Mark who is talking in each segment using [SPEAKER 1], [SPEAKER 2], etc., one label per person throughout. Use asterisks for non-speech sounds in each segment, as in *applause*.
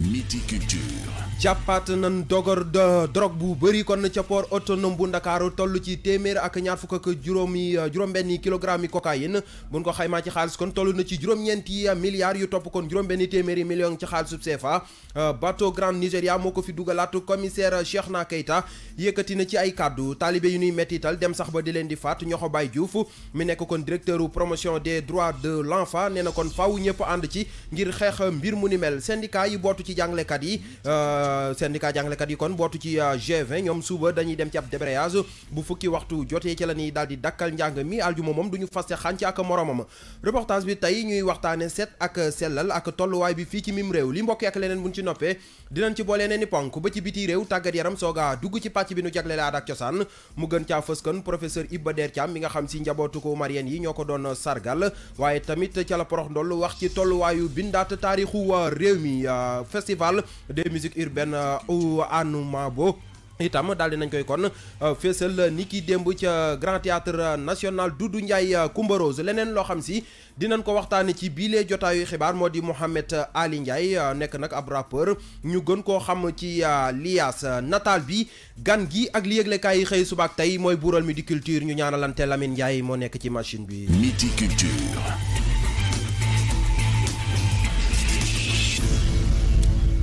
[SPEAKER 1] Méticulture Culture. jappat nan dogor de drogue bu beuri kon ci por autonome bu ndakaaru tollu ci temer ak ñaar fuk ak juróomi juróom-benni kilogram yi cocaïne buñ ko xayma ci xaalis kon tollu na ci juróom ñenti milliards yu top kon juróom-benni téeméeri million ci sub CFA bateau Grand Nigeria moko fi dugalat commissaire na Keita yekati na ci ay cadeau talibé yu ñuy tal dem sax ba di leen di fat ñoxo bay Diouf mi nek kon directeur promotion des droits de l'enfant nena kon faaw ñepp and ci ngir xex mbir mu ni mel syndicat yi botu ci kat yi euh, syndicat kat yi kon botu ci euh, G20 ñom suba dañuy dem ci ab débrayage bu fukki waxtu jotee ci lañuy ñuy di dakal njàng mi aljuma mom duñu fasé xanti ak moromam reportage bi tay ñuy waxtane set ak selal ak way bi fi ci mim rew li mbokk ak leneen buñ ci noppee dinañ ci bolé nee ni ponk ba ci biti rew tagat yaram soga dugg ci patch bi ñu jaglé la dak ciosan mu gën ci fëskan professeur Iba Der Cham mi nga xam ci njabotu ko marien yi ñoko don sargal waye tamit ci la porox ndol wax ci bindat bindaat wa euh, rew mi euh, festival de musique urbaine benn euh, anuma bo itam daal nañ koy kon euh, fésal ni ki démb ca grand théâtre national Doudou Ndiaye euh, Coumba Rose leneen loo xam si dinañ ko waxtaanee ci biile jotaayu xibaar moo di Mouhamed Ali Ndiaye nekk nag ab rappeur ñu gën koo xam ci lias nataal bi gan gi ak li yëglekaay yi xëy suba ak tey mooy buural di Culture ñu ñaanalante Lamine Ndiaye moo nekk ci machine
[SPEAKER 2] bi. Midi Culture.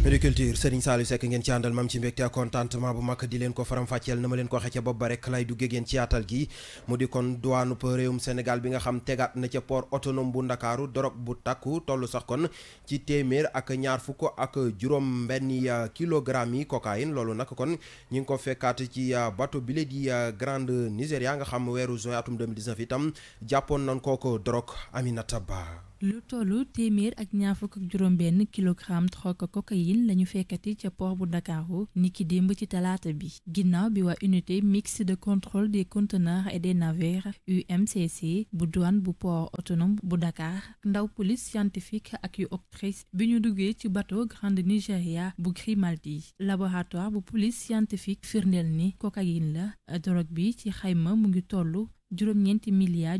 [SPEAKER 1] Agriculture Serigne Saliou Seck ngeen ci àndal mam ci mbégte ak contentement bu mag di leen ko faram-fàcceel na ma leen ko waxee ca bopp lay duggee ngeen ci yaatal gi mu di kon duwaanu réewum Sénégal bi nga xam tegaat na ca poor otonom bu Ndakaaru dorog bu takku toll sax kon ci téeméer ak ñaar fukk ak juróom benni kilogramme yi cocaïne loolu nag kon ñi ngi ko fekkaat ci euh, bateau bile di euh, Grande Nigeria nga xam weeru juin atum 2019 itam jàppoon nañ kooko dorog Aminata Ba
[SPEAKER 3] lu tollu téeméer ak ñaar fukk ak juróom-benn kilogramme drogue cocaïne lañu fekkati ca port bu Ndakaaru niki démb ci talaata bi ginnaaw bi waa unité mixte de contrôle des conteneurs et des navires UMCC bu douane bu port autonome bu Dakar ndaw police scientifique ak yu octrice bi ñu duggee ci bateau Grande Nigeria bu Grimaldi laboratoire bu police scientifique firndeel ni cocaïne la drogue bi ci xayma mu ngi tollu juróom-ñeenti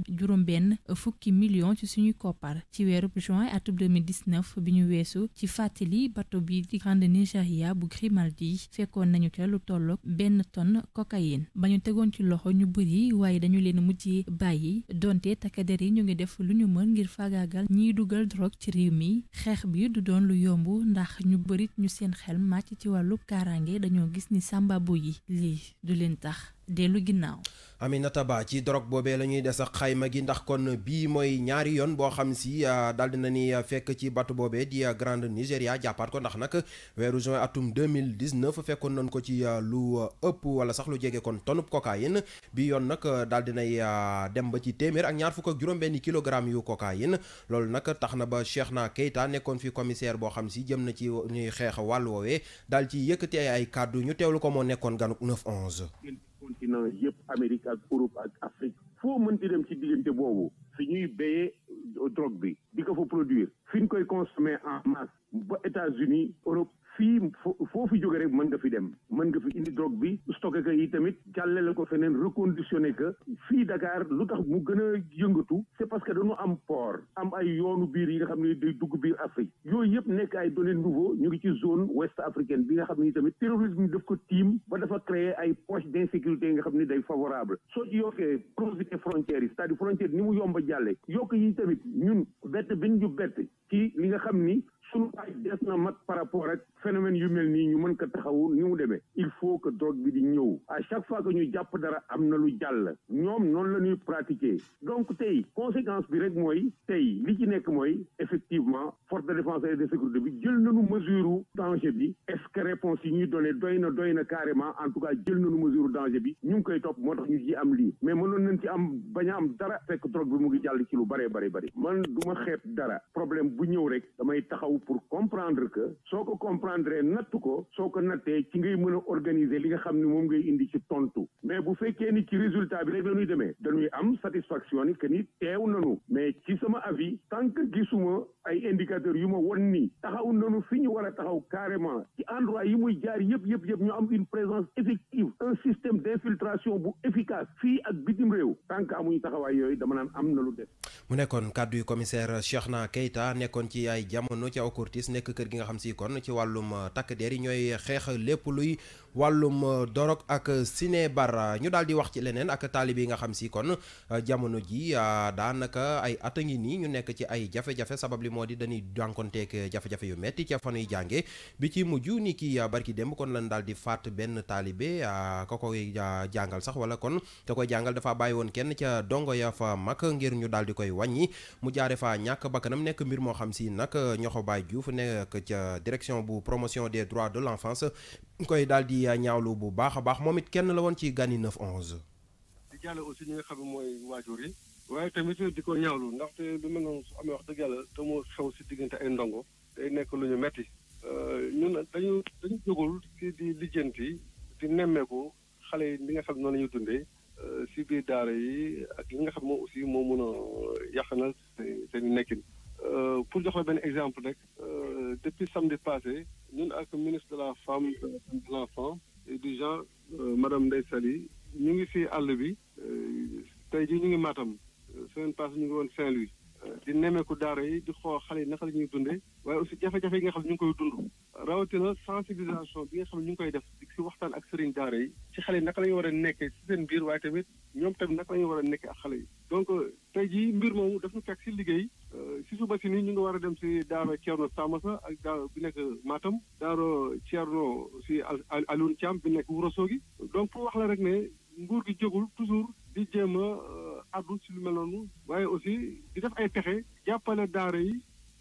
[SPEAKER 3] juróom-benn euh, fukki millions ci suñuy koppar ci weeru juin atub 2019 bi ñu weesu ci fàttali bato bi di Grande Nigeria bu Grimaldi fekkoon nañu ca lu tolloog benn tonne cocaïne ba ñu tegoon ci loxo ñu bëri waaye dañu leen mujjee bàyyi donte takkader yi ñu ngi def lu ñu mën ngir fagagal ñiy dugal drogue ci réew mi xeex bi du doon lu yomb ndax ñu bërit ñu seen xel màcc ci wàllu kaaraange dañoo gis ni sàmbabu yi lii du leen tax dellu ginnaaw.
[SPEAKER 1] Aminata Ba ci drogue boobe la ñuy des ak xayma gi ndax kon bii mooy ñaari yoon boo xam si euh, daal na ni euh, fekk ci bateau boobee di euh, Grande Nigeria jàppaat ko ndax nag weeru juin atum 2019 fekkoon nañ ko ci lu ëpp wala sax lu jege kon tonub cocaïne bi yoon nag daal dinay dem ba ci téeméer ak ñaar fukk ak juróom-benn kilogramme yu cocaïne loolu nag tax na ba na Keita nekkoon fi commissaire boo xam si jëm na ci ñuy xeex wàll woowee daal ci yëkkati ay kàddu ñu teewlu ko moo nekkoon ganuk 9 11
[SPEAKER 2] continent yep Amérique ak Europe ak Afrique foo di dem ci diggante bobu fi ñuy béyee euh, drogue bi diko fa produire fiñ koy consommer en masse ba États-Unis Europe fii foo foofu jóge rek mën nga fi dem mën nga fi indi drogue bi stocké ko yi tamit jàllale ko feneen reconditionné que fii Dakar lu tax mu gën a yëngatu c'est parce que dañu am port am ay yoonu biir yi nga xam ne day dugg biir Afrique yooyu yëpp nekk ay données nouveau ñu ngi ci zone ouest africaine bi nga xam ne tamit terrorisme daf ko tiim ba dafa créer ay poche d'insécurité yi nga xam ni day favorable soo ci yokkee proximité frontières yi c'est-à-dire frontière ni mu yomb a jàlle yokk yi tamit ñun bett bin ñu bett ci li nga xam ni suñu ay des na mat par rapport ak phénomène yu mel nii ñu mën ko taxawu ni mu demee il faut que drogue bi di ñew à chaque fois que ñu japp dara am na lu jall ñom non la ñuy pratiquer donc tay conséquence bi rek moy tay li ci nek moy effectivement force de défense et de sécurité bi jël nañu mesure danger bi est-ce que réponse yi ñuy donné doy na doy na carrément en tout cas jël nañu mesure danger bi ñu koy top motax ñu ci am li mais mënon nañ ci am baña am dara fekk drogue bi mu ngi jall ci lu bare bare bare man duma ma dara problème bu ñew rek damay taxaw pour comprendre que soo ko comprendre natt ko soo ko nattee ci ngay mën a organiser li nga xam ne moom ngay indi ci tontu mais bu fekkee ni ci résultat bi rek la ñuy demee dañuy am satisfaction ni que ni teew nanu mais ci sama avis tant que gisuma ay indicateur yu ma won ni taxaw nanu fi ñu war a taxaw carrément ci endroit yi muy jaar yëpp yëpp yëpp ñu am une présence effective un système d'infiltration bu efficace fii ak bitim réew tant que amuñu taxawaay yooyu dama naan am na lu des
[SPEAKER 1] mu nekkoon kàddu yu commissaire Cheikhna Keita nekkoon ci ay jamono Diaw Courtis nekk kër gi nga xam si kon ci wàllum uh, takk deer yi ñooy xeex lépp luy wàllum euh, dorog ak euh, ciné bar ñu daal di wax ci leneen ak taalibe yi nga xam si kon euh, jamono ji daanaka ay at a ngi nii ñu nekk ci ay jafe-jafe sabab li moo di dañuy jànkonteeg jafe-jafe yu metti ca fanuy jànge bi ci mujj ni ki barki démb kon lan daal di faat benn taalibe ka koy jàngal sax wala kon ka koy jàngal dafa bàyyi woon kenn ca dongo ya fa mag ngir ñu daal koy wàññi mu jaare fa ñàkk bakkanam nekk mbir moo xam si nag ñoxo baay Diouf nekk ca direction bu promotion des droits de l'enfance ñu koy daal di ñaawlu bu baax a baax moom it kenn la woon ci gani 9 11.
[SPEAKER 4] di jàll aussi ñi nga mooy waajur yi. waaye tamit di ko ñaawlu ndaxte lu mel noonu su amee wax dëgg yàlla te moo xew si diggante ay ndongo. day nekk lu ñu metti euh, ñun dañu dañu jógul si di lijjanti di nemmeeku xale yi li nga xam ne noonu la ñuy dundee. Euh, si biir daara yi ak li nga xam moom aussi moo mën a yàqanal seen seen nekkin. Euh, pour donner un exemple, euh, depuis samedi passé, nous avec le ministre de la Femme, de l'Enfant et du Genre, euh, Madame Ndeysali, nous sommes ici à Lévis, euh, nous sommes fait un semaine passée nous sommes à Saint-Louis. di nemmeeku daara yi di xool xale yi naka la ñuy dundee waaye aussi jafe-jafe yi nga xam ne ñu ngi koy dund rawatina sensibilisation bi nga xam ne ñu ngi koy def si waxtaan ak sëriñ daara yi ci xale yi naka la ñu war a nekkee si seen biir waaye tamit ñoom tamit naka la ñu war a nekkee ak xale yi donc euh, tey jii mbir moomu daf ñu fekk si liggéey euh, si suba si nii ñu ngi war a dem si daara Thierno Samassa ak daara bi nekk Matam daara Thierno si Alioune Thiam bi nekk Ourossogui donc pour wax la rek ne nguur gi jógul toujours di jéem a euh, àddu si le mel noonu aussi a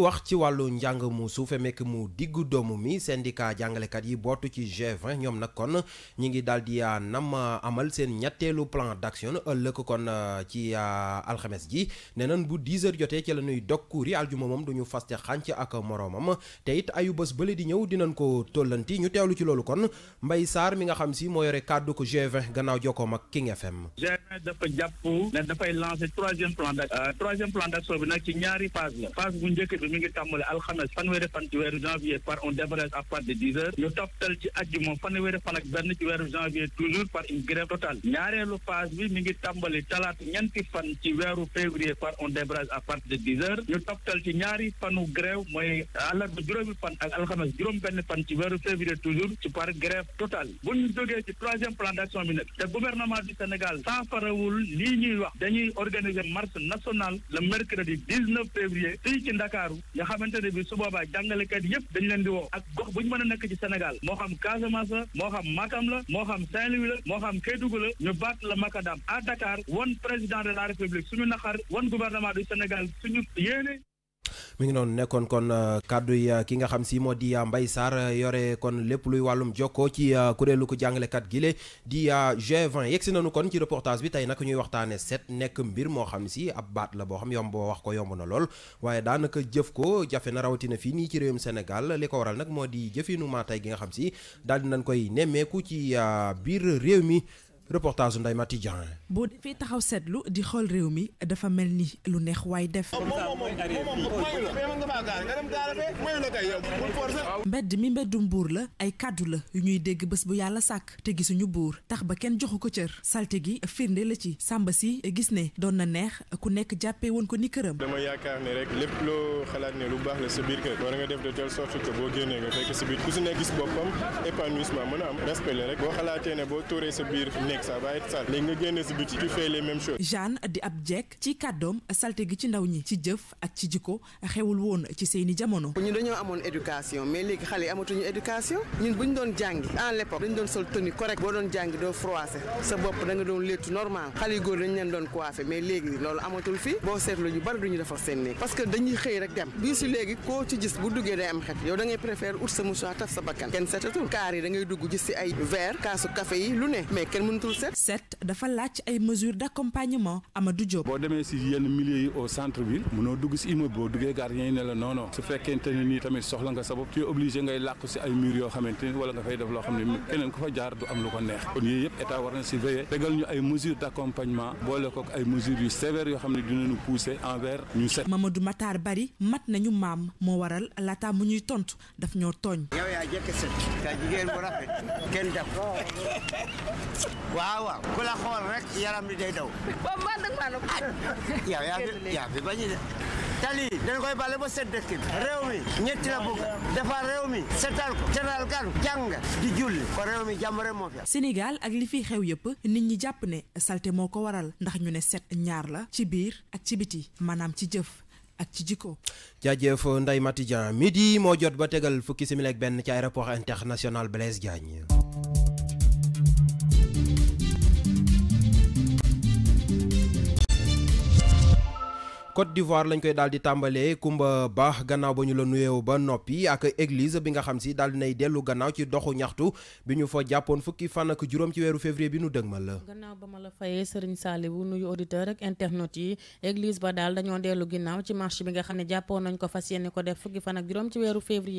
[SPEAKER 1] ñu wax ci wàllu njàng mu suufe mekk mu diggu doomu mi syndicat jàngalekat yi bootu ci G20 ñoom nag kon ñi ngi daal di ah, nam ah, amal seen ñetteelu plan d'action ëllëg kon ah, ci alxames ji ne nan bu 10 heures jotee ci la ñuy dog kuur yi aljuma moom du ñu faste xànc ak moroomam te it ayu bés bële di ñëw dinañ ko tollanti ñu teewlu ci loolu kon Mbaye Sarr mi nga xam si moo yore kàddu ko G20 gannaaw jokkoom ak King FM.
[SPEAKER 5] g dafa jàpp ne dafay lancer troisième plan euh, d'action bi nag ci ñaari mi ngi tàmbali alxames fanweeri fan ci weeru janvier par un débrayage à partir de dix heures ñu toftal ci ajjuma fanweeri fan ak benn ci weeru janvier toujours par une grève totale ñaareelu phase bi mi ngi tàmbali talaata ñeenti ci weeru février par un débrayage à partir de dix heures ñu toftal ci ñaari fanu grève mooy fan ak alxames toujours ci par grève totale bu ci troisième plan d'action bi nag te gouvernement du Sénégal saafarawul lii ñuy wax dañuy organiser marche nationale le mercredi dix neuf février ci Ndakaaru nga xamante ne bi su boobaa jàngalekat yëpp dañ leen di woo ak gox bu ñu mën a nekk ci Sénégal moo xam Casamance moo xam Matam la moo xam Saint-Louis la moo xam Kédougou la ñu baat la Makadam a Dakar wan président de la République suñu naxar wan gouvernement du Sénégal suñu yéene
[SPEAKER 1] mi ngi noonu nekkoon kon euh, kàddu yi euh, ki nga xam si moo di euh, mbay Sarr yore kon lépp luy wàllum jokkoo ci kuréelu ko jàngalekat gile di G20 yegsi nañu kon ci reportage bi tey nag ñuy waxtaane set nekk mbir moo xam si ab baat la boo xam yomb wax ko yomb na lool waaye daanaka jëf ko jafe na rawatina fii nii ci réewum Sénégal li ko waral nag moo di jëfinu maa tey gi nga xam si daal di koy nemmeeku ci biir réew mi reportage Ndeye Mati Dieng.
[SPEAKER 6] boo defee taxaw seetlu di xool réew mi dafa mel ni lu neex waay def. mbedd mi mbeddum buur la ay kàddu la yu ñuy dégg bés bu yàlla sàkk te gisuñu buur tax ba kenn joxu ko cër salte gi firnde la ci sàmba si gis ne doon na neex ku nekk jàppee woon ko ni këram.
[SPEAKER 4] dama yaakaar ne rek lépp loo xalaat ne lu baax la sa biir kër war nga def de telle sorte que boo génnee nga fekk sa biir ku si nekk gis boppam épanouissement mën a am respect la rek boo xalaatee ne boo tuuree sa biir nekk avec ça va
[SPEAKER 6] ci kàddoom salte gi ci ndaw ci jëf ak ci jikko xewul woon ci amoon éducation mais léegi xale yi amatuñu éducation ñun doon jàngi en l'époque dañu doon sol tenue correct boo doon jàngi doo froissé sa bopp da nga doon léttu normal xale yu góor dañu leen doon coiffé mais léegi loolu amatul fii boo seetlu ñu bari duñu defar seen néeg parce que xëy rek dem bii si léegi koo ci gis bu duggee day am xet yow da ngay ut sa mouchoir taf sa bakkan kenn seetatul kaar yi da ngay dugg gis si ay verre kaasu café yi lu ne mais kenn mën mënatul set. set dafa laaj ay mesures d'accompagnement
[SPEAKER 5] Amadou Diop. boo demee si yenn milieux yi au centre bi mënoo dugg si immeuble boo duggee gardien yi ne la non non su fekkente ne nii tamit soxla nga sa bopp tu es obligé ngay làkk si ay murs yoo xamante ni wala nga fay def loo xam ne keneen ku fa jaar du am lu ko neex kon yooyu yëpp état war na si veiller tegal ñu ay mesures d'accompagnement boole kook ay mesures yu sévères yoo xam ne dinañu pousser envers ñu set.
[SPEAKER 6] Mamadou Matar Bari mat nañu maam moo waral laata mu ñuy tontu daf ñoo tooñ.
[SPEAKER 7] yow yaa jëkk
[SPEAKER 3] waaw waaw ku la xool rek yaram bi day daw. boobu man nag maanaam. Ah, yow yaa fi yaa fi bañ a tali dañ koy bale ba
[SPEAKER 7] set dëkk bi réew mi ñetti la bëgg defar réew mi setal ko setal gan jàng di
[SPEAKER 6] julli ko réew mi jàmm rek moo fi Sénégal ak li fiy xew yëpp nit ñi jàpp ne salte moo ko waral ndax ñu ne set ñaar la ci biir ak ci biti maanaam ci jëf ak ci jikko.
[SPEAKER 1] jaajëf Ndeye Mati midi moo jot ba tegal fukki simili benn ci aéroport international Blaise Diagne. Côte d'Ivoire lañ koy daal di tàmbalee Kumba Ba gannaaw ba ñu la nuyeew ba noppi ak église bi nga xam si daal dinay dellu gannaaw ci doxu ñaxtu bi ñu fa jàppoon fukki fan ak juróom ci weeru février ma
[SPEAKER 8] bi nga xam ne jàppoon nañ ko fas yéene ko ni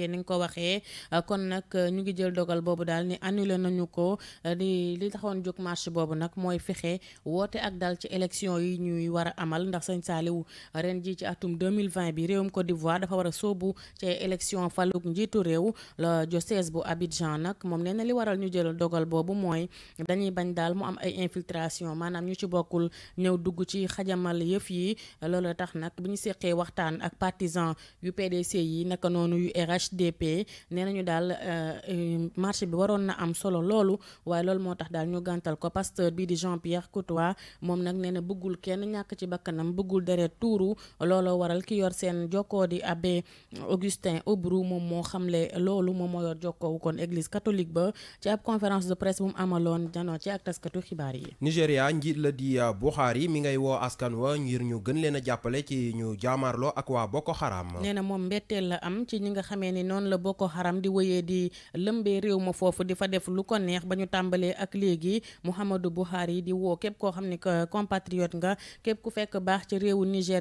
[SPEAKER 8] nga ko waxee kon nag ñu ngi jël dogal boobu daal ni annulé nañu ko di li taxoon jóg marche boobu nag mooy fexe woote ak daal ci élection yi ñuy war a amal ndax Serigne Saliou ren jii ci atum 2020 bi réewum Côte d'Ivoire dafa war a soobu ci élection faluk njiitu réew la diocèse bu Abidjan nag moom nee na li waral ñu jël dogal boobu mooy dañuy bañ daal mu am ay infiltration maanaam ñu ci bokkul ñëw dugg ci xajamal yëf yi loolu tax nag bi ñu seqee waxtaan ak partisan yu PDC yi naka noonu yu RHDP nee ñu daal euh, marché bi waroon na am solo loolu waaye loolu moo tax daal ñu gàntal ko pasteur bii di Jean Pierre Coutois moom nag nee na bëggul kenn ñàkk ci bakkanam bëggul deret tuuru lolo waral ki yor sen joko di abbé Augustin ubru mom mo xamlé lolu mom mo yor wu kon église catholique ba ci ab conférence de presse mom amalon jano ci ak taskatu xibaar yi.
[SPEAKER 1] Nigeria la di euh, Buhari mi ngay wo askan wa ngir ñu gën leena jappalé ci ñu jamarlo ak wa Boko Haram. néna
[SPEAKER 8] mom moom la am ci ñi nga ni non la Boko Haram di wëyé di lemberi réew ma fofu di fa def lu ko neex bañu tambalé ak légui Muhammadu Buhari di wo kep ko xamni ko compatriote nga kep ku fekk baax ci réewu Niger.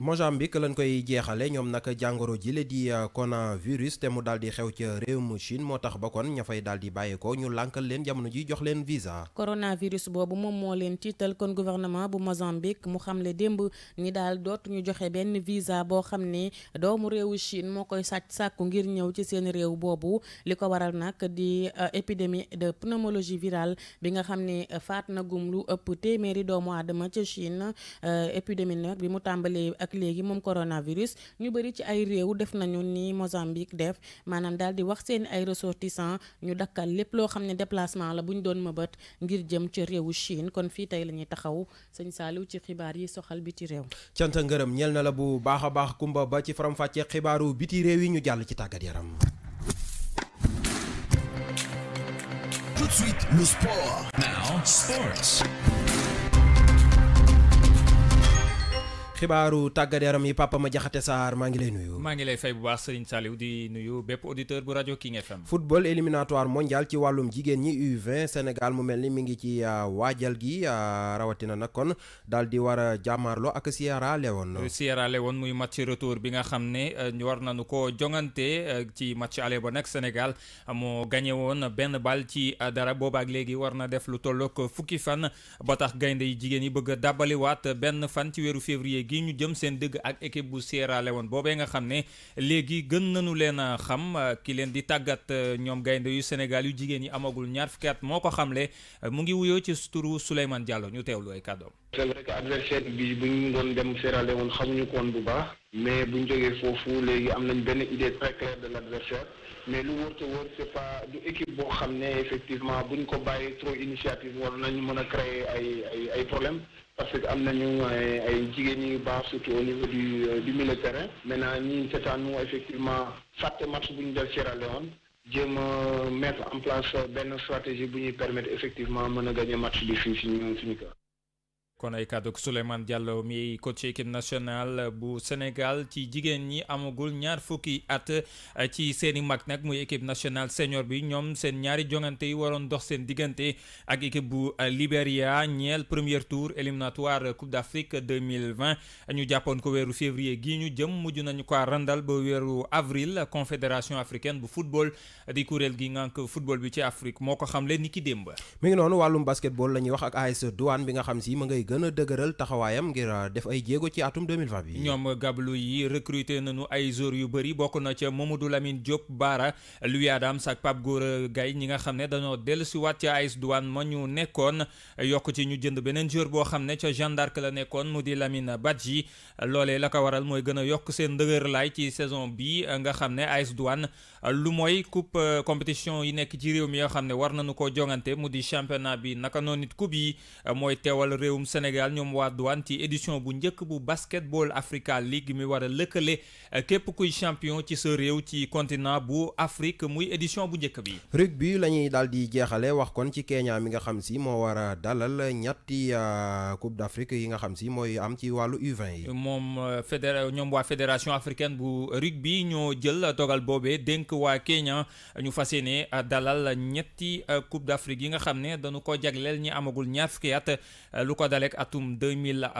[SPEAKER 1] Mozambique lañ koy jeexale ñoom nag jàngoro jile di euh, coronavirus te mu daal di xew ca réew mu Chine moo tax ba kon ña fay daal di bàyyeekoo ñu lànkal leen jamono ji jox leen visa.
[SPEAKER 8] coronavirus boobu moom moo leen tiital kon gouvernement bu Mozambique mu xamle démb ñi daal dootu joxe benn visa boo xam ne doomu réewu Chine moo koy sàcc sàkku ngir ñëw ci seen réew boobu li ko waral nak di euh, épidémie de pneumologie virale bi nga xam ne faat nagum lu ëpp téeméeri doomu aadama ca Chine euh, épidémie nag bi mu tàmbalee. léegi moom coronavirus ñu bari ci ay réew def nañu ni Mozambique def maanaam daal di wax seen ay ressortissants ñu dakkal lépp loo xam ne déplacement la bu ñu doon mëbët ngir jëm ca réewu Chine kon fii tey la taxaw sëñ Saliou ci xibaar yi soxal biti réew.
[SPEAKER 1] cant ngërëm ñel na la bu baax baax kumba ba ci faram-fàccee xibaaru biti réew yi ñu jàll ci tàggat yaram. xibaaru tàggat yaram yi Papa ma jaxate Saar maa ngi lay nuyu.
[SPEAKER 7] maa ngi lay fay bu baax Serigne saliw di nuyu bépp auditeur bu rajo King FM.
[SPEAKER 1] football éliminatoire mondial ci wàllum jigéen ñi U20 Sénégal mu mel ni mi ngi ci ah, waajal gi ah, rawatina nag kon daal di war a jàmmaarloo ak Sierra Leone. Euh,
[SPEAKER 7] Sierra Leone muy match retour bi nga xam ne euh, war nañu ko jongante euh, ci match aller ba nag Sénégal moo gagné woon benn bal ci dara ak léegi war na def lu tollook fukki fan ba tax gaynde yi jigéen yi bëgg a benn fan ci weeru février. gi ñu jëm seen dëgg ak équipe bu Sierra Leone boobee nga xam ne léegi gën nañu leen a xam euh, ki leen di tàggat euh, ñoom gaynde yu Sénégal yu jigéen yi amagul ñaar fukki moo ko xamle mu ngi wuyoo ci turu Souleymane Diallo ñu teewlu ay kàddoom.
[SPEAKER 5] c'est vrai que bi bu ñu doon dem Sierra Leone xamuñu ko woon bu baax mais buñ ñu jógee foofu léegi am nañ benn idée très claire de l'adversaire mais lu wóor te wóor c'est pas du équipe boo xam ne effectivement buñ ko bàyyi trop initiative war nañ mën a créer ay ay problèmes. parce que nous nañu ay jigéen yu baax surtout au niveau du euh, milieu de terrain maintenant ñi sétanu effectivement fàtte match buñu def Sierra Leone De mettre en place benn stratégie pour nous permettre effectivement de gagner match bi fii
[SPEAKER 7] kon ay kàddu Souleymane Diallo mi coach équipe nationale bu Sénégal ci jigéen ñi amagul ñaar fukki at eh, ci seeni mag nag muy équipe national senior bi ñoom seen ñaari jongante yi waroon dox seen diggante ak équipe bu eh, Libéria ñeel premier tour éliminatoire Coupe d'Afrique 2020 ñu jàppoon ko weeru février gi ñu jëm mujj nañu ko randal ba weeru avril confédération africaine bu football eh, di kuréel gi ngànk football bi ci Afrique moo ko xamle ni ki démb.
[SPEAKER 1] mi ngi noonu wàllum la ñuy wax ak gën a dëgëral taxawaayam ngir euh, def ay jéego ci atum 2020
[SPEAKER 7] bi. ñoom gablu yi recruté nañu ay joueurs yu bëri bokk na ca Mamadou Lamine Diop Baara Louis Adams ak Pape Gora gay ñi nga xam ne dañoo dellusiwaat ca AS Douanes ma ñu nekkoon yokk ci ñu jënd beneen joueur boo xam ne ca d'Arc la nekkoon mu di Lamine Badji loolee la ko waral mooy gën a yokk seen dëgër laay ci saison bi nga xam ne AS lu mooy coupe euh, compétition yi nekk ci réew mi yoo xam ne war nañu ko jongante mu di championnat bi naka noonu it coupe yi euh, mooy teewal réewum Sénégal ñom wa douane ci édition bu njëkk bu basketball Africa League mi wara a eh, képp kuy champion ci sa réew ci continent bu Afrique muy édition bu njëkk bi.
[SPEAKER 1] rugby la daldi jéxalé wax kon ci Kenya mi nga xam si mo wara dalal ñatti euh, coupe d'Afrique yi nga xam si moy am ci
[SPEAKER 7] walu U20 mom euh, fédération ñom wa fédération africaine bu rugby ñoo jël togal bobé denk wa Kenya ñu fas dalal ñetti euh, coupe d'Afrique yi nga xam dañu ko jagleel ñi amagul ñaar fukki at lu ko rek atum 2020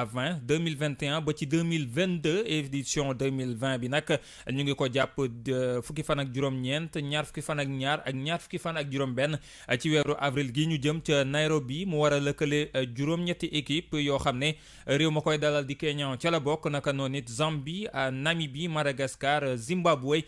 [SPEAKER 7] 2021 ba ci 2022 édition 2020 bi nak ñu ngi ko japp fukki fan ak juroom ñeent ñaar fukki fan ak ñaar ak ñaar fukki fan ak juroom ben ci wéru avril gi ñu jëm ci Nairobi mu war a euh, juroom ñetti équipe yo xamné ne réew ma koy dalal di Kenya ci la bokk nak nonit it Zambie Namibie Madagascar Zimbabwe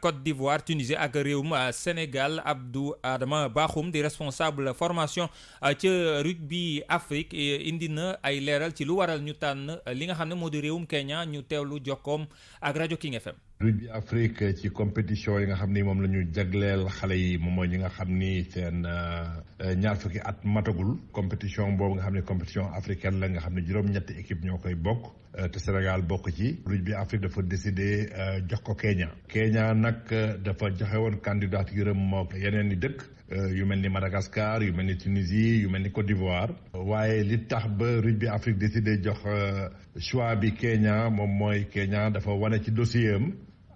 [SPEAKER 7] Côte d'Ivoire Tunisie ak réewum Sénégal Abdou Adama Bakhoum di responsable formation euh, ci rugby Afrique indi na ay leeral ci lu waral ñu tànn euh, li nga xam ne moo di réewum Kenya ñu teew teewlu jokkoom ak rajo King FM.
[SPEAKER 9] rugby Afrique ci compétition yi nga xam ni moom la ñu jagleel xale yi moom mooy ñi nga xam ni seen euh, euh, ñaar fukki at matagul compétition boobu nga xam ne compétition africaine la nga xam ne juróom-ñetti équipe ñoo koy bokk te Sénégal bokk ci rugby Afrique dafa décidé jox ko Kenya. Kenya nag dafa joxe woon candidature am moom yeneen i dëkk. Euh, yu mel ni Madagascar yu mel ni Tunisie yu mel ni Côte d'Ivoire. waaye li tax ba rugby Afrique décidé jox euh, choix bi Kenya moom mooy Kenya dafa wane ci dossier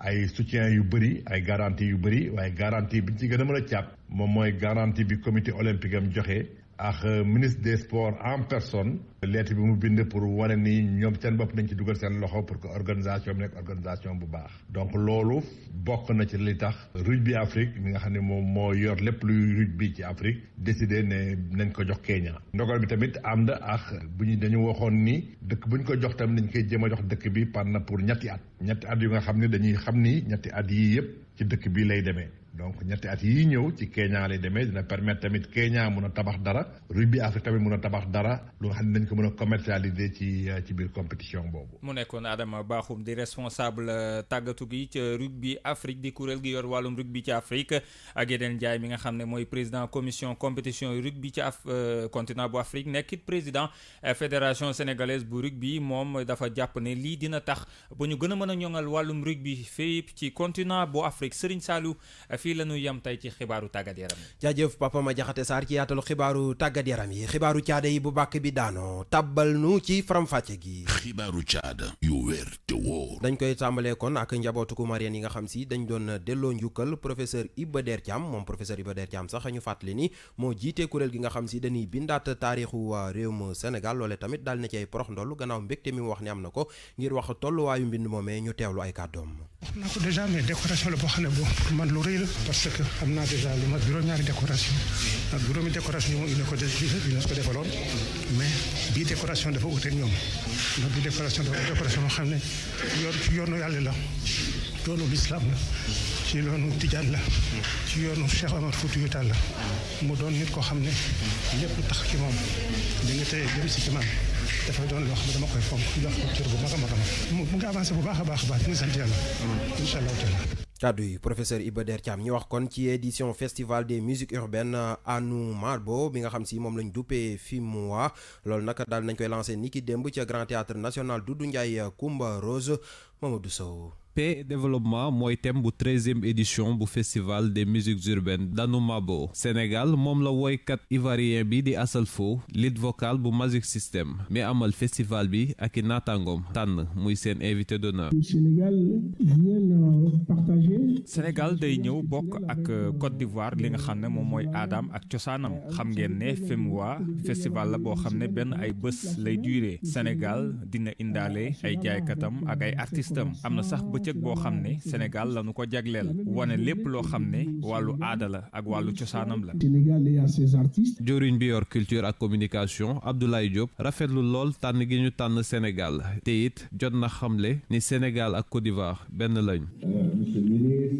[SPEAKER 9] ay soutien yu bëri ay garanti yu bëri waaye garanti bi ci gën a mën a càpp moom mooy garanti bi comité olympique am joxe. ak euh, ministre des sports en personne lettre bi mu bind pour wane ni ñoom seen bopp nañ ci dugal seen loxo pour que organisation bi nekk organisation bu baax donc loolu bokk na ci li tax rugby Afrique mi nga xam ne moom moo yor lépp luy rugby ci Afrique décidé ne nañ ko jox Kenya ndogal bi tamit am na ak bu ñu dañu waxoon ni dëkk buñ ko jox tamit nañ koy jëm a jox dëkk bi par na pour ñetti at ñetti at yu nga xam ne dañuy xam ni ñetti at yii yëpp ci dëkk bi lay demee donc ñetti at yi ñëw ci Kenya lay demee dina permettre tamit Kenya mun a tabax dara rugby Afrique tamit mun a tabax dara lu nga xam ne dañ ko mën a commercialiser ci euh, ci biir compétition boobu.
[SPEAKER 7] mu nekkoon Adama baaxum di responsable euh, tàggatu gi ci rugby Afrique di kuréel gi yor wàllum rugby ci Afrique ak yeneen Ndiaye mi nga xam ne mooy président commission compétition rugby ci af euh, continent bu Afrique nekkit président fédération sénégalaise bu rugby moom dafa jàpp ne lii dina tax ba ñu gën a mën a ñoŋal wàllum rugby fii ci continent bu Afrique Serigne Saliou. fii la ñuy yem tey ci xibaaru tàggat yaram yi.
[SPEAKER 1] jaajëf papa ma jaxate saar ci yaatalu xibaaru tàggat yaram yi xibaaru caada yi bu bàkk bi daanoo tàbbal nu ci faram-fàcce gi.
[SPEAKER 7] xibaaru caada yu wér te wóor.
[SPEAKER 1] dañ koy tàmbalee kon ak njabootu Marien yi nga xam si dañ doon delloo njukkal professeur Iba Der Thiam moom professeur Iba Der Thiam sax ñu fàttali ni moo jiite kuréel gi nga xam si dañuy bindaat taarixu réewum Sénégal loole tamit daal na ci ay porox ndoll gannaaw mbégte mi wax ne am na ko ngir wax tolluwaayu mbind moomee
[SPEAKER 2] xam naa ko dèjà mais décoration la boo xam ne boo man lu rëy la parce que am naa dèjà lu mat juróom-ñaari décoration ak juróomi décoration yi moom UNESCO UNESCO defaloon mais bii décoration dafa ute ñoom ndax bii décoration dafa décoration moo xam ne yoon ci yoonu yàlla la yoonu lislaam la ci yoonu tijaan la ci yoonu Cheikh Omar Foutiyou Tall la mu doon nit koo xam ne lépp tax ci moom di nga tey si ci man dafay doon loo xam ne dama koy fomp fonk jox ko cër bu mag a mag a mag mu ngi avancé bu
[SPEAKER 5] baax a baax a baax di sant yàlla.
[SPEAKER 2] incha allahu taala.
[SPEAKER 1] kàddu yi professeur Iba Der Thiam ñu wax kon ci édition festival des musiques urbaines Anu Marbo bi nga xam si moom lañ duppee mois loolu nag daal nañ koy lancé Niki Demb démb ca grand théâtre national Doudou Ndiaye Kumba Rose Mamadou Sow
[SPEAKER 10] paix et développement mooy thème bu e édition bu festival des musiques urbaines d'Anoumabo, Mabo Sénégal mom la kat ivoirien bi di Asalfo lead vocal bu Magic System Mais amal festival bi ak i tan tànn muy invité d'honneur.
[SPEAKER 5] Sénégal
[SPEAKER 7] day ñëw bok ak euh, Côte d'Ivoire li nga xam ne moom Adam ak cosaanam xam ngeen ne FEMWA festival la bo ben ben ay bés lay Sénégal dina indalé ay katam ak ay artistam Amna sax bëccëg boo xam ne Sénégal la ko jagleel wane lépp loo xam ne wàllu aada ak wàllu cosaanam la. joriñ bi yor culture ak communication
[SPEAKER 10] Abdoulaye Diop rafetlu lool tànn gi ñu tànn senegal te it jot na xamle ni senegal ak Côte benn lañu
[SPEAKER 9] euh,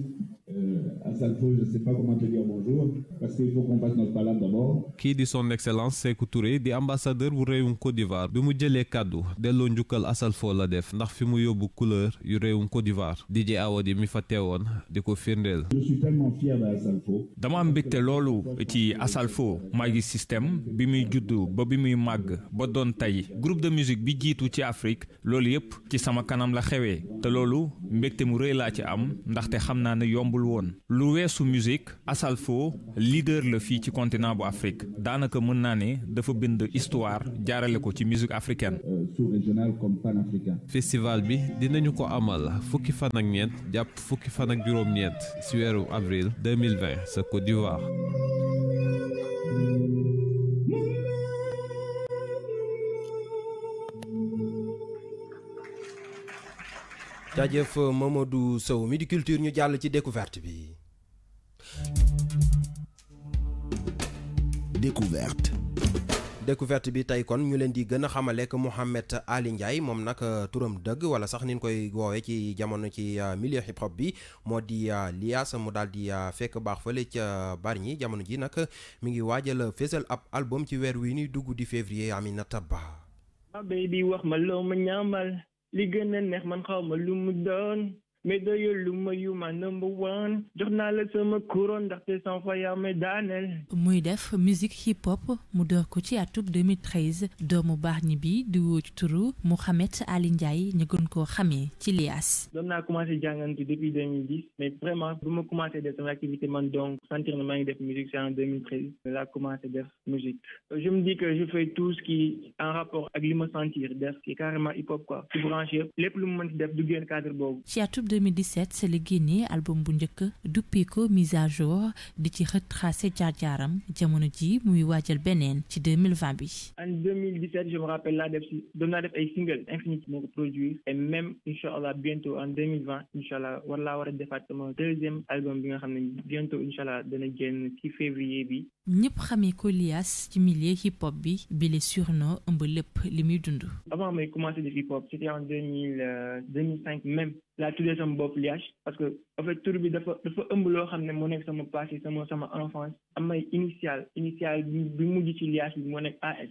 [SPEAKER 9] Assalfo, euh, je ne sais pas
[SPEAKER 5] comment te dire bonjour, parce qu'il faut qu'on passe notre palabre d'abord.
[SPEAKER 10] Qui di son excellence Sékou Touré dit ambassadeur bu réewum Côte d'Ivoire bi mu jëlee kàddu delloo njukkal Assalfo la def ndax fi mu yóbbu couleur yu réewum Côte d'Ivoire DJ Awadi mi fa teewoon di je
[SPEAKER 9] suis tellement fier de Assalfo.
[SPEAKER 7] dama am mbégte loolu ci Assalfo maa gis système bi muy judd ba bi muy màgg ba doon tey groupe de musique bi jiitu ci Afrique loolu yëpp ci sama kanam la xewee te loolu mbégte mu rëy laa ci am ndaxte xam xamna ne yomb amagul woon lu weesu musique Asalfo leader le fii ci continent bu Afrique daanaka mën naa ne dafa bind histoire jaarale ko ci musique africaine.
[SPEAKER 5] Euh,
[SPEAKER 7] festival bi dinañu ko
[SPEAKER 10] amal fukki fan ak ñeent jàpp fukki fan ak juróom-ñeent si avril 2020 sa Côte d'Ivoire.
[SPEAKER 1] jaajëf Mamadou Sow Midi Culture ñu jàll ci découverte bi. découverte. découverte bi tay kon ñu leen di gëna a que Mohamed Ali Ndiaye mom nak euh, turam deug wala sax ni koy woowee ci jamono ci euh, milieu hip hop bi moo di euh, Lias mu daal di fekk baax fële ci Bargny jamono ji nak mi ngi waajal fessel ab album ci wër wi ni dugg di février Aminata Ba.
[SPEAKER 11] ma ah, baby wax ma lo ma ñamal li gën neex man xawma lu mu doon mais lu ma yu ma number one jox naa la couronne
[SPEAKER 3] muy def musique hip hop mu door ko ci tout 2013 doomu baax ñi bi di Mohamed ci turu Mouhamed Ali Ndiaye ñu gën koo ci
[SPEAKER 11] commencé jàngante depuis 2010 mais vraiment bu me commencé def sama activité man donc sentir le maa de def musique c'est en 2013 laa commencé def musique je me dis que je fais tout ce qui en rapport avec le ma sentir def c'est carrément hip hop quoi ci branché lépp lu mu mën ci def du génn
[SPEAKER 3] cadre boobu en 2017 c'est le génnee album bu Dupiko duppee mise à jour di ci retracé jaar-jaaram jamono ji muy 2020 en
[SPEAKER 11] 2017 je me rappelle la def si single infiniment moo et même Inch'Allah, bientôt en 2020 Inch'Allah, voilà, war laa mon deuxième album bi nga bientôt incha allah dana février bi.
[SPEAKER 3] ñëpp xamé ko Lias ci milieu hip hop bi bi le surnom ëmb lepp limuy dund.
[SPEAKER 11] avant may commencé def hip hop c'était en 2000 2005 euh, même laa tuddee sama bopp Liache parce que en fait tout bi dafa dafa ëmb loo xam ne moo nekk sama passé sama sama enfance am ay initial initial bi mujj ci liage bi moo AS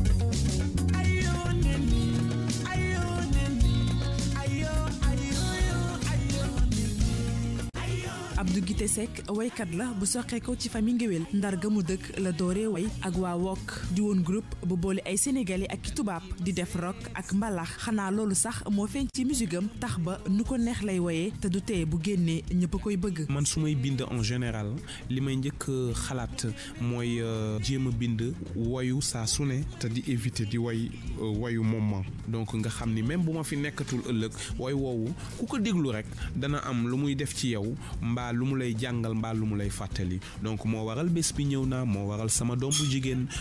[SPEAKER 6] Abdou Guité Seck woykat la bu ko ci famille ngéwél ndar mu dëkk la dooree way ak waa wokk di woon groupe bu boole ay sénégali ak i tubaab di def rock ak mbalaax xanaa loolu sax moo feeñ ci musigam tax ba nu ko neex lay woyee te du tee bu génnee ñëpp koy bëgg.
[SPEAKER 5] man sumay bind en général li may njëkk xalaat mooy euh, jéem a bind woyu saa su ne te di éviter di woy euh, woyu moment donc nga xam ni même bu ma fi nekkatul ëllëg woy woowu ku ko déglu rek dana am lu muy def ci yow mbaa lu mu lay jàngal donc mo waral bés bi ñëw waral sama doom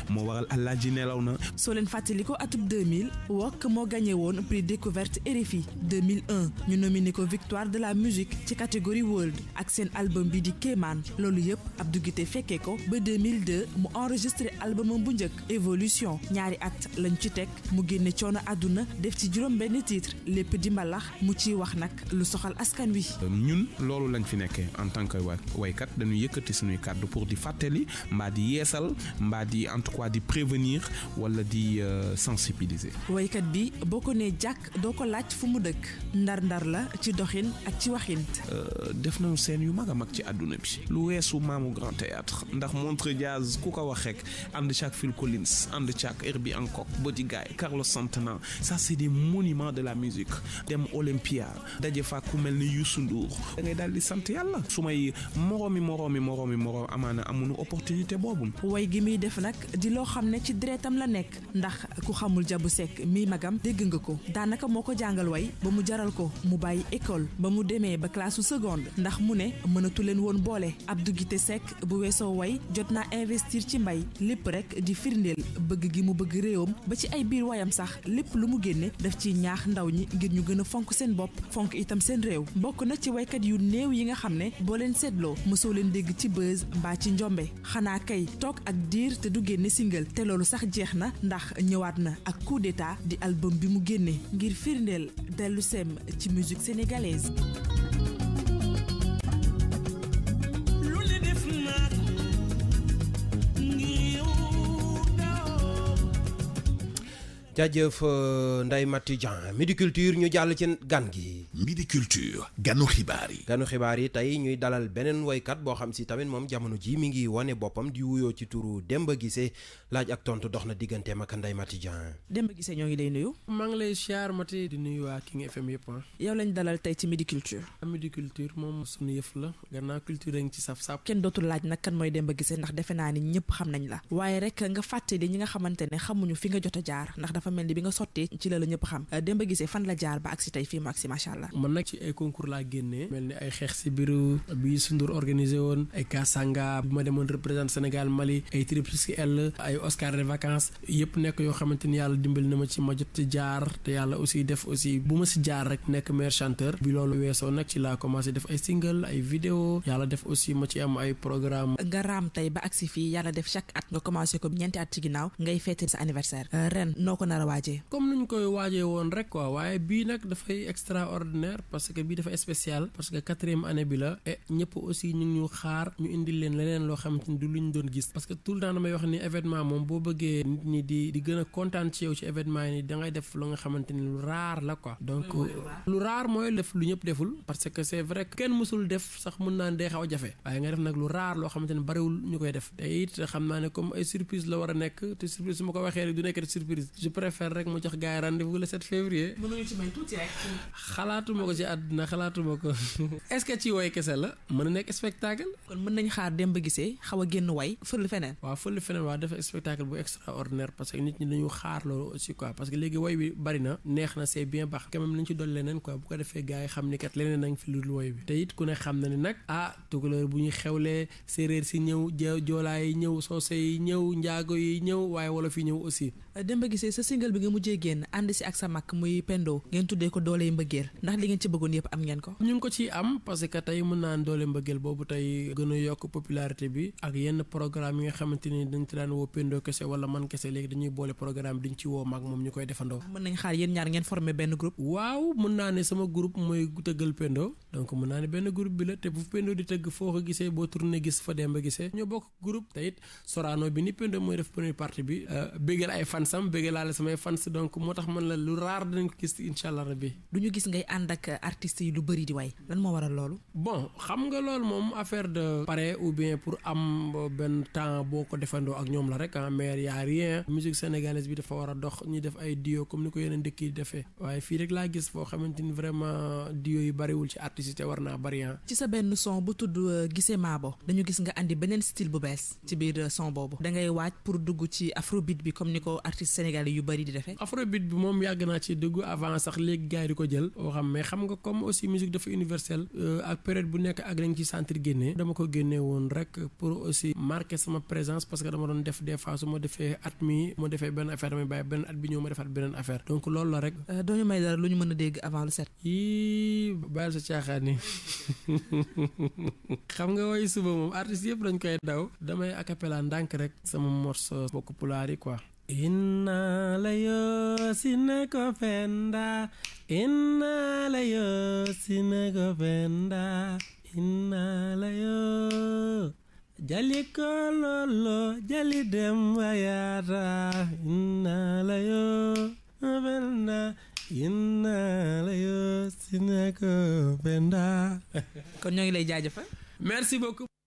[SPEAKER 5] bu waral nelawna
[SPEAKER 6] so len 2000 wok mo gagné won prix découverte RFI 2001 ñu nominé ko victoire de la musique ci catégorie world ak sen album bi di Keman lolu yep Abdou Guité ko ba 2002 mu enregistré album bu njëkk évolution ñaari at lañ ci tek mu génné choona aduna def ci juroom benn titre lépp di mbalax mu ci wax nak lu soxal askan wi.
[SPEAKER 5] ñun lolu lañ fi en tant que waykat dañuy yëkëti suñuy kàddu pour di fàttali mbaa di yeesal mbaa di en tout cas di prévenir wala di euh, sensibiliser.
[SPEAKER 6] waykat bi boo ko nee jàkk doo ko laaj fu mu dëkk. ndar-ndar la ci doxin ak ci waxin.
[SPEAKER 5] Euh, def nañu seen yu mag a mag ci àdduna bi. lu weesu maamu grand théâtre ndax Montreux Jazz ku ko wax rek ànd ci ak Phil Collins ànd ci ak Herbie Hancock Buddy Guy Carlos Santana ça c'est des monuments de la musique dem Olympia daje fa ku mel ni Youssou Ndour da ngay daal di sant yàlla. su may moroomi moroomi moroomi moroom amaana amuñu opportunité boobu.
[SPEAKER 6] way gi muy def nag di loo xam ne ci deretam la nekk ndax ku xamul jabu sekk mi magam dégg nga ko daanaka moo ko jàngal way ba mu jaral ko mu bàyyi école ba mu demee ba classe seconde ndax mu ne mënatu leen woon boole ab duggite Seck bu weesoo way jot naa investir ci mbay lépp rek di firndeel bëgg gi mu bëgg réewam ba ci ay biir wayam sax lépp lu mu génne def ci ñaax ndaw ñi ngir ñu gën a fonk seen bopp fonk itam seen réew bokk na ci waykat yu xam ne boo leen seetloo mosoo leen dégg ci buzz mbaa ci njombe xanaa kay toog ak diir te du génne single te loolu sax jeex na ndax ñëwaat na ak coup di album bi mu génne ngir firndeel dellu sem ci musique sénégalaise
[SPEAKER 1] jaajëf euh, Ndeye Mathi Dieng Midi Culture ñu jàll ci gan gi.
[SPEAKER 10] Midi Culture
[SPEAKER 1] ganu xibaar yi. tey ñuy dalal beneen woykat boo xam si tamit moom jamono ji mi ngi wane boppam di wuyoo ci turu ba Guissé laaj ak tontu dox na digganteem ak Ndeye Mathi Dieng.
[SPEAKER 12] Demba Guissé ñoo ngi lay nuyu. maa ngi lay siyaar Mathi di nuyu waa King FM
[SPEAKER 6] yëpp ah. yow lañ dalal tey ci Midi Culture. Midi Culture moom sunu yëf la gannaaw culture yi ci saf saf. kenn dootul laaj nag kan mooy Demba Guissé ndax defe naa ni ñëpp la. dafa mel ni bi nga sottee ci la la ñëpp xam Demba Guissé fan la jaar ba ak si fii mu ak si man
[SPEAKER 12] nag ci ay concours laa génnee. mel ni ay xeex si biiru bi Sundur organisé woon ay Kasanga bi ma demoon représente Sénégal Mali ay triple ay Oscar de vacances yëpp nekk yoo xamante ni yàlla dimbali na ma ci ma jot ci jaar te yàlla aussi def aussi bu ma si jaar rek nekk meilleur bi loolu weesoo nag ci laa commencé def ay single ay vidéo yàlla def aussi ma
[SPEAKER 6] ci am ay programme nga raam tey ba ak si fii yàlla def at nga commencé ko ñeenti at ci nar a waajee.
[SPEAKER 12] comme nuñ koy waajee woon rek quoi waaye bii nag dafay extraordinaire parce que bii dafa spécial parce que quatrième année bi la et ñëpp aussi ñu ñu xaar ñu indil leen leneen loo xamante ni du luñ doon gis parce que tout le temps damay wax ni événement moom boo bëggee nit ñi di di gën a kontaan ci yow ci événement yi dangay def lu nga xamante lu raar la quoi. lu raar mooy def lu ñëpp deful parce que c'est vrai que kenn mësul def sax mën naa day xaw a jafe waaye lu loo xamante ni bariwul ñu la war préfère rek mu jox gars yi rendez-vous le 7 février. ko ci xalaatuma ko. *laughs* est-ce que ci way la. mën na nekk spectacle. mën nañu xaar dem ba gisee xaw a génn way fël feneen. waaw fël feneen waaw dafa spectacle bu extraordinaire parce que nit ñi dañu xaar loolu aussi quoi parce que léegi way bi bari na. neex na c'est bien baax. quand même nañ ci doon leneen quoi bu ko defee gars yi xam ni kat leneen nañ fi lu dul way bi. te it ku ne xam na ni nag ah tukulóor bu ñu xewlee séeréer si ñëw joolaa yi ñëw soose yi ñëw njaago yi ñëw waaye wolof yi
[SPEAKER 6] ñëw aussi Demba Guissé sa single bi nga mujjee génn ànd si ak sa mag muy Pendo ngeen tuddee ko doole mbëggeel ndax li ngeen ci bëggoon yëpp am ngeen ko
[SPEAKER 12] ñu ngi ko ciy am parce que tey mën naan doole mbëggeel boobu tey gën a yokk popularité bi ak yenn programme yi nga xamante ni dañ ci daan woo Pendo kese wala man kese léegi dañuy boole programme bi dañ ci woo mag moom ñu koy defandoo mën nañ xaar yéen ñaar ngeen naa ne sama groupe mooy tëggal Pendo donc mën naa ne benn groupe bi la te bu Pendo di fansam bëgg laa la samay fans donc motax man la lu raar dañ ko gis inshallah rabbi. duñu gis
[SPEAKER 6] ngay and ak artiste yi lu bëri di way lan mo waral loolu.
[SPEAKER 12] bon xam nga loolu mom affaire de. pare ou bien pour am ben temps boko ko ak ñom la rek ah mais ya rien. musique sénégalaise bi dafa wara dox ñi def ay dio comme niko ko yeneen dëkk yi defee. waye fi rek la gis fo xamanteni vraiment duo yi wul ci artiste té warna bari hein ah.
[SPEAKER 6] ci sa ben son bu tudd euh, Gise bo dañu gis nga andi benen style bu bess ci biir euh, son bobu da ngay waaj pour dugg ci afrobeat bi comme niko artiste sénégalais yu bëri di defee afrobeat bi moom yàgg naa ci dugg avant sax léegi gars yi di ko jël
[SPEAKER 12] oo xam mais xam nga comme aussi musique dafa universelle euh, ak période bu nekk ak lañ ci sentir génnee dama ko génnee woon rek pour aussi marquer sama présence parce que dama doon def des fois su ma defee at mi ma defee benn affaire damay bàyyi benn at bi ñoo ma defaat beneen affaire donc loolu la rek euh, dooñu may dara lu ñu mën a dégg avant le set yii bàyyil sa caaxaan yi *laughs* xam nga woy suba moom artiste yëpp dañ koy daw damay acapella ndànk rek sama morceau bokk pulaar quoi inna la yoo sina ko fenda inna la yoo sina ko fenda inna la yoo jali kololo jali demba yaata la yoo fenda inna la yoo sina ko fenda *laughs* kon ñoo ngi lay jaajëfal merci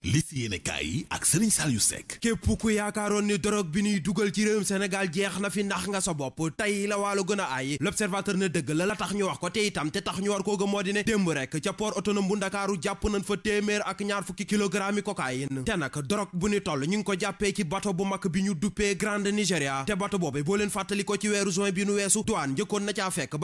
[SPEAKER 2] li si yéene kaay yi ak Serigne Saliou Seck
[SPEAKER 12] képp ku yaakaaroon ni dorog bi ñuy dugal ci réewum Sénégal
[SPEAKER 1] jeex na fi ndax nga sa bopp tey la waalo gën a aay l'observateur ne dëgg la la tax ñu wax ko te itam te tax ñu war koo gëm moo di ne démb rek ca port autonome bu Ndakaaru jàpp nañ fa téeméer ak ñaar fukki kilogramme yi cocaïne te nag dorog bu ñu toll ñu ngi ko jàppee ci bato bu mag bi ñu duppee Grande Nigeria te bato boobe boo leen fàttali ko ci weeru juin bi ñu weesu douane njëkkoon na caa fekk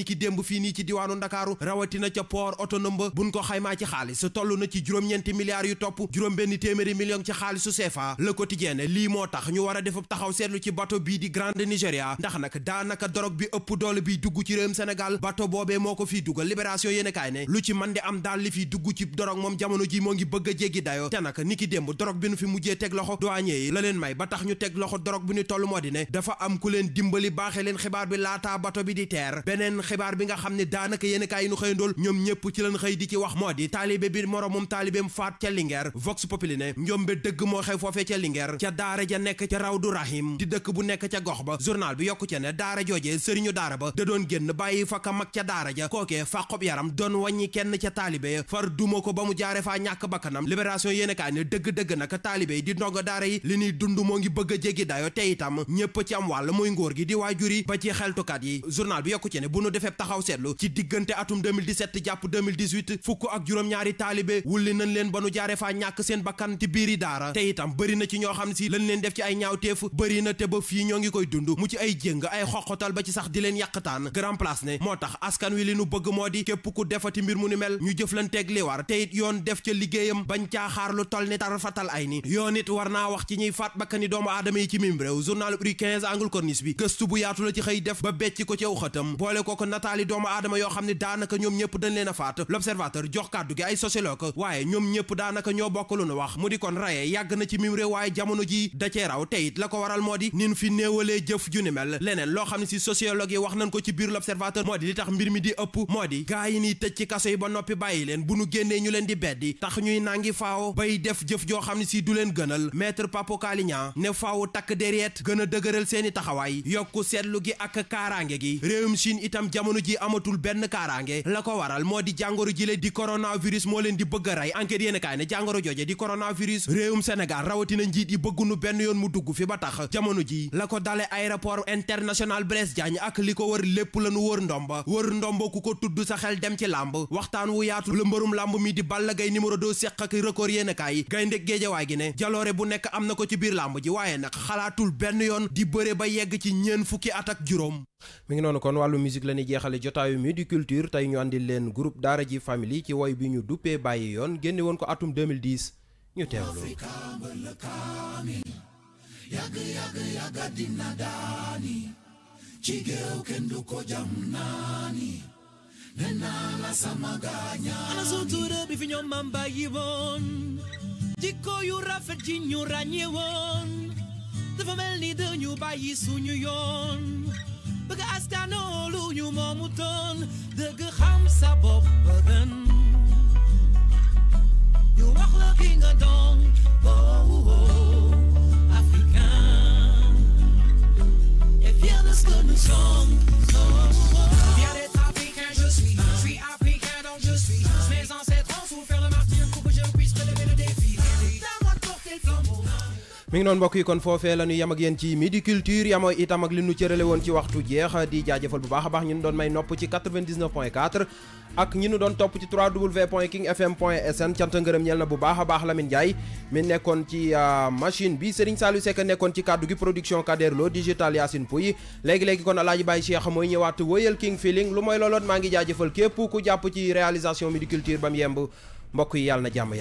[SPEAKER 1] ki démb fini ci diwanu dakaru rawati na ci port autonome buñ ko xayma ci xaliss tollu na ci juroom ñent milliards yu top juroom benn téméré million ci xaliss CFA le quotidien li mo tax ñu wara a taxaw ci bateau bi di Grande Nigeria ndax da naka drogue bi ëpp doole bi dugg ci réewum Sénégal bateau bobé moko fi fii libération yene kay ne lu ci man di am dal li fi dugg ci drogue mom jamono ji mo ngi bëgg jéggi dayo té nak niki démb drogue bi ñu fi mujjé teg loxo douanier yi la leen may ba tax ñu loxo drogue bi ñu tollu modi dafa am ku leen dimbali baxé leen xibaar bi laata bateau bi di terre benen xibaar bi nga xam ne daanaka yéen kaay yi nu xëy ndool ñoom ñëpp ci lañ xëy di ci wax moo di taalibe bi moroomum taalibeem faat ca Linguère Vox Populi njombe dëgg moo xew foofee ca Linguère ca daara ja nekk ca Rawdu Rahim di dëkk bu nekk ca gox ba journal bi yokku ca ne daara joojee sëriñu daara ba da doon génn bàyyi fa ka mag ca daara ja kookee fàqob yaram doon wàññi kenn ca taalibe far duma ko ba mu jaare faa ñàkk bakkanam libération yéen kaay ne dëgg-dëgg di ndongo daara yi li a jéggi dayo te di waajur yi ba ci seetlu ci diggante atum 2017 jàpp 2018 fukk ak juróom-ñaari taalibe wulli nañ leen ba nu jaare faa ñàkk seen bakkan ci biiri daara te itam ci ñoo xam si lañ leen def ci ay ñaawteef bëri te ba fii ñoo ngi koy dund mu ci ay jéng ay xoqotal ba ci sax di leen yàqtaan grand place ne moo tax askan wi li nu bëgg moo di képp ku defati mbir mu ni mel ñu jëflanteeg li war te yoon def ca liggéeyam bañ caaxaar lu tol ni tar fatal ay ni yoon it war naa wax ci ñuy faat bakkani doomu aadama yi ci mim réew journal Rue 15 angle corniche bi gëstu bu yaatu la ci doomu adama yo xamni ne daanaka ñoom dañ leena a faat l'observateur jox kaddu gi ay sociologue waaye ñoom ñëpp daanaka ño bokk lu nu wax mu di kon raye yag na ci mim réew waaye jamono ji da ci raw teyit waral modi nin fi neewale jëf ju ni mel leneen lo xamni ci sociologue yi wax nañ ko ci biir l'observateur modi di li tax mbir mi di ëpp modi gaay ni tecc ci kasso yi ba nopi leen bu nu ñu leen di beddi tax ñuy nangi faaw bay def jëf jo xamni ci du leen gënal maître Papo kalinya ne faaw tak deriet gëna a seeni taxaway yokku setlu gi ak karange gi réewum Chine itam jamono ji amatul benn kaaraange la ko waral moo di jàngoro jile di coronavirus moo leen di bëgg a rey enquête yéen kaay ne jàngoro jooje di coronavirus réewum Sénégal rawatina njiit yi bëggunu benn yoon mu dugg fi ba tax jamono ji la ko dale aéroport international Blaise Diagne ak li ko war lépp la nu wër ndomba wër ndomba ku ko tudd sa xel dem ci làmb waxtaan wu yaatu la mbërum làmb mi di Balla Gaye numéro 2 seq ak record yéen kaay gaynde géejawaay gi ne jaloore bu nekk am na ko ci biir làmb ji waaye nag xalaatul benn yoon di bëre ba yegg ci ñeen fukki at juróom mi ngi noonu kon wàllu musique la ñuy jeexale jot jotaayu mi di Culture tay ñu àndil leen groupe Daara ji Family ci way bi ñu duppé baye yoon génne won ko atum 2010 ñu téwlo yàgg yàgg yàgga dina dani ci géew kenn ko jam naani nee la samaganya gaañaani ana suuture bi fi ñoom maam won woon jikko yu rafet ji ñu ràññee woon dafa mel ni dañu bàyyi suñu yoon በጋስዳኖ ሉዩ ሞሙቶን ደግኻምሳ ቦበበን mi ngi noonu mbokk yi kon foofee la ñu yem ak yéen ci midi culture yamoo itam ak li ñu cërale woon ci waxtu jeex di jaajëfal bu baax a baax ñu doon may nopp ci 99 point ak ñi nu doon topp ci king fm point sn cant ngërëm ñeel na bu baax a baax Lamine Ndiaye mi nekkoon ci euh, machine bi Serigne Saliou Seck nekkoon ci kaddu gi production Kader Lo digital Yacine Pouy léegi-léegi kon alaaji Baye Cheikh mooy ñëwaat wóyal king feeling lu mooy looloon maa ngi jaajëfal képp ku jàpp ci réalisation midi culture ba mu yemb mbokk yi yàlla na jàmm